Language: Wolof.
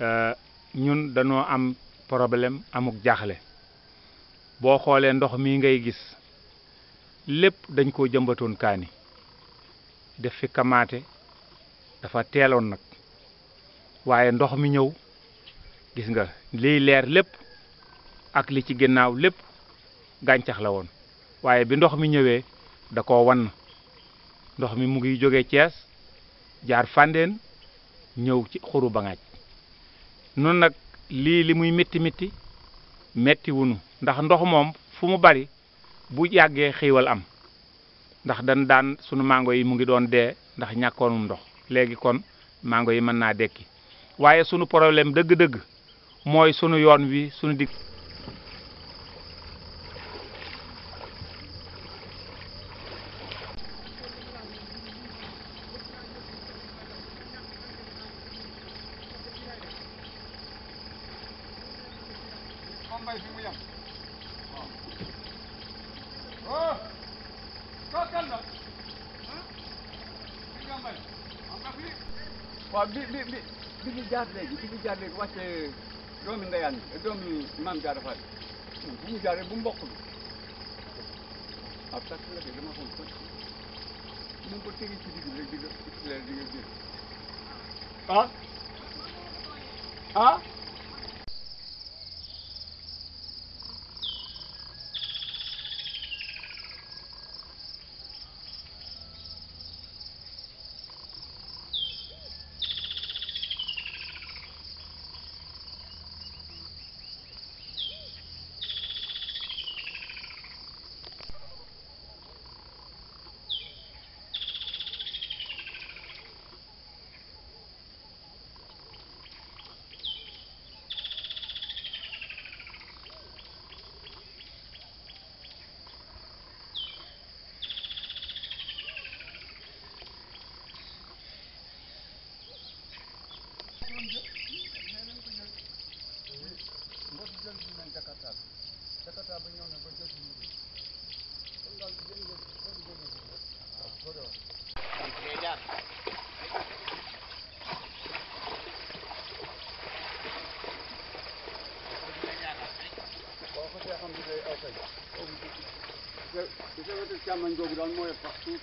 Euh, ñun dañoo am problème amuk jaaxle boo xoolee ndox mi ngay gis lépp dañ koo jëmbatoon kaani def fi kamaate dafa teeloon nag waaye ndox mi ñëw gis nga liy leer lépp ak li ci ginnaaw lépp gàncax la woon waaye bi ndox mi ñëwee da ko wan ndox mi mu ngi jóge Cees jaar Fandeen ñëw ci xuru Bangaaj nun nag lii li muy métti métti métti ndax ndox moom fu mu bari bu jàggee xiiwal am ndax dan daan sunu mango yi mu ngi doon dee ndax ñàkkoonum ndox léegi kon mango yi mën naa dekki waaye sunu problème dëgg-dëgg mooy sunu yoon wi sunu dig bay fi mu yem waaw kookan la i gambay am nga fii waaw bi bi bi bi fi jaar léegi bi fi jaar léegi wàcce doomi ndeyaan bi jar maam jaara fay bu mu jaaree bu mbokk bi ab sax la de dama xool ko mu ngi ko tege ci digg rek di nga di nga ah ah état bi te état bi ñëw na ba jël si nguur gi kon daal yéen ngeen seen góorgóorlu rek waaw góor a ngay jaar boo ko see xam ne day aw kay te te wetu càmmañ googu daal mooy partout